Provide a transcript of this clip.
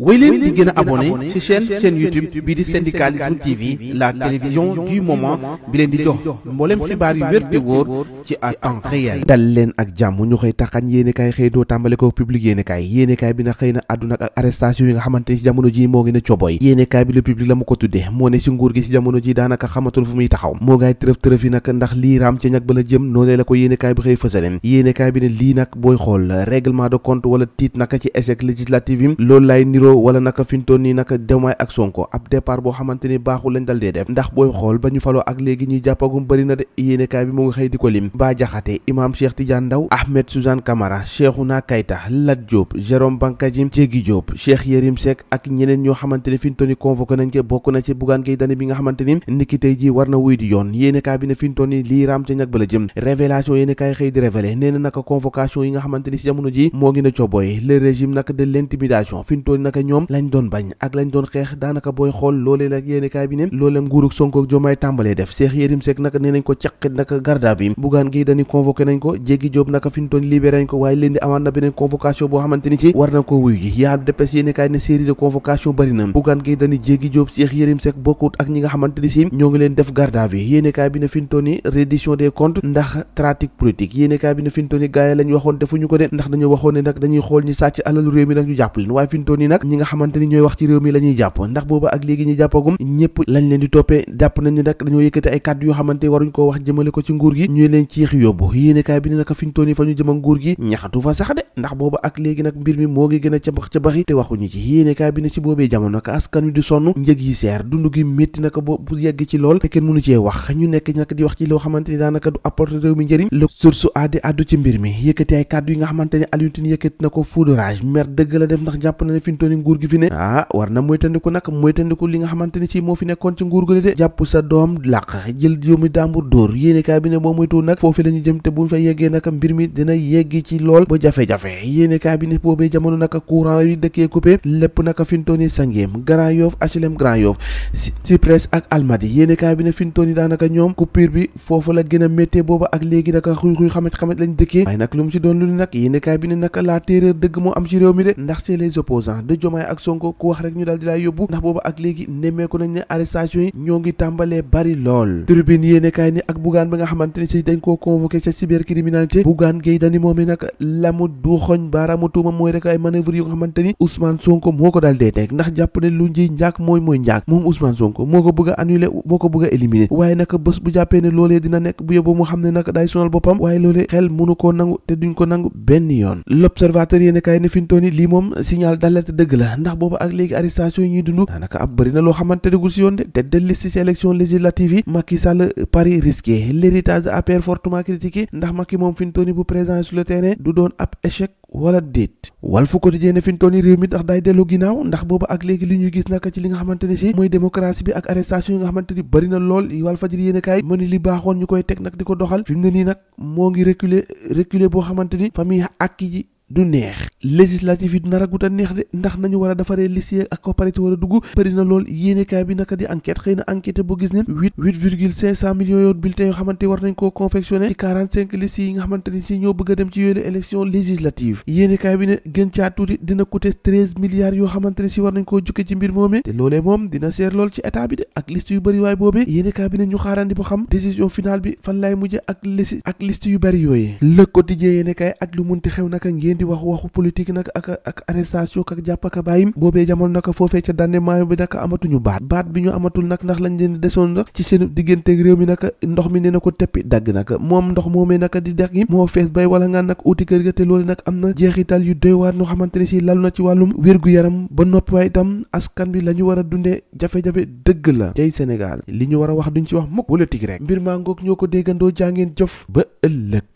wéy leen di gën a abonné ci chaîne chaîne YouTube bi di syndicalisme TV la télévision du moment bi leen di jox mboolem xibaar yu wér te wóor ci à temps réel. dal leen ak jàmm ñu xëy taxañ yéeni kaay xëy doo tàmbale ko public yéeni kaay bi na xëy na àdduna ak arrestation yi nga xamante ni ci jamono ji moo ngi ne coboy yéeni kaay bi le public la mu ko tudde moo ne ci nguur gi ci jamono ji daanaka xamatul fu muy taxaw moo gaay tërëf tërëf yi nag ndax lii raam ca ñag ba la jëm noonee Miro wala naka fintoon nii naka Diomaye ak Sonko ab départ boo xamante baaxul lañ dal def ndax booy xool ba ñu faloo ak léegi ñuy jàppagum bëri de yéenekaay bi mu ngi xëy di ko lim bokk na ci Bougane Gueye Dany bi nga xamante ni ji war na wuy di yoon yéenekaay bi ne fintoon yi lii raam ca jëm révélation yéenekaay xëy di révélé nee naka convocation yi nga xamante ni jamono ji moo ngi na coboy le régime naka daanaka ñoom lañ doon bañ ak lañ doon xeex daanaka booy xool loolee la yéenekaay bi ne loolu la de convocation ndax trafic politique yéenekaay bi ne fi ñu toon ni gaay lañ ko de ndax dañu waxoon ne nag dañuy xool ñi sàcc alalu réew mi nag ñu jàpp leen waaye fi ñu ñi nga xamante ni ñooy wax ci réew mi la ñuy jàpp ndax booba ak léegi ñi jàppagum ñëpp lañ leen di jàpp yoo xamante waruñ koo wax jëmale ko ci nguur gi ñuy leen ciix yóbbu yéenekaay bi ne naka fi ñu toon yi fa ñu jëm a ca bax ca baxi te waxuñu ci yéenekaay bi ne ci wax ñu nekk naka di wax ci loo xamante ni daanaka du apporter réew nga xamante ni Alioune Tine yëkkati na ko foudrage mer dëgg la def ndax jàpp na ne fi nguur gi fi ne ah war na moytandiku nag moytandiku li nga xamante ni ci moo fi nekkoon ci nguur gi de jàpp sa doom làq jël doomi dàmbur dóor yéenekaay bi ne fa yeggee nag mbir mi dina yeggi ci lool ba jafe-jafe yéenekaay bi ne boobee jamono nag courant yi dëkkee coupé lépp nag fintoon yi daanaka ñoom coupure bi foofu la gën a méttee booba ak léegi nag xuy xuy xamat xamat lañ dëkkee waaye nag lu mu ci doon lu ne nag yéenekaay bi ne nag la terreur dëgg moo am ci réew mi de ndax c'est les opposants Diomaye ak Sonko ku wax rek ñu daal di laay yóbbu ndax boobu ak léegi nemmeeku nañ ne arrestation yi ñoo ngi tàmbalee bari lool tribune yéenekaay ni ak Bougane bi nga xamante si dañ koo convoqué ca cybercriminalité Bougane Gueye Dany moom i nag la mu duxoñ baaraamu tuuma mooy rek ay manœuvre yu nga xamante ni Sonko moo ko daal dee teg ndax jàpp ne lu njiy njàkk mooy mooy njàkk moom Ousmane Sonko moo ko bëgg a annulé moo ko bëgg éliminé waaye dëgg la ndax boobu ak léegi arrestation yi ñuy dund daanaka ab bëri na loo xamante degul si yoon de tête de si élection législative yi Macky Sall pari risqué l'héritage de APR fortement critiqué ndax Macky moom fi bu présent sur terrain du doon ab échec wala déet Walf Quotidien ne fi mu réew mi ndax daay delloo ginnaaw ndax boobu ak léegi li ñu gis naka ci li nga xamante ne si mooy démocratie bi ak arrestation yi nga xamante ni lool Walfadjri koy teg nag di ko doxal fi mu ne du neex législative yi du nar a neex de ndax nañu war a defaree liste yi ak coopérative war a dugg bëri na lool yéenekaay bi naka di enquête xëy na enquête boo gis ne huit huit virgule cinq cent millions yoo bulletins yoo xamante war nañ koo confectionné ci quarante cinq liste yi nga xamante ni ñoo bëgg a dem ci yooyu élection législative yéenekaay bi ne gën caa tuuti dina coûter treize milliards yoo xamante ne si war nañ koo jukke ci mbir moomee te loolee moom dina seer lool ci état bi de ak liste yu bëri waay boobee yéenekaay bi ne ñu xaarandi ba xam décision finale bi fan laay ak liste ak liste yu bëri yooyee le quotidien di wax waxu politique nag ak ak arrestation ak jàpp ak bàyyim boobee jamono naka foofee ca dande maayo bi naka amatuñu baat baat bi ñu amatul nag ndax lañ leen desoon nag ci seen digganteeg réew mi naka ndox mi ne na ko teppi dagg naka moom ndox moomee naka di dex moo fees bay wala ngaan nag uuti te loolu nag am na jeexital yu doy waar ñu xamante ne si lalu na ci wàllum wér-gu-yaram ba noppi waaye itam askan bi la ñu war a dundee jafe-jafe dëgg la cay Sénégal li ñu war a wax duñ ci wax mukk politique rek mbir maa ñoo ko déggandoo jàngeen jof ba ëllëg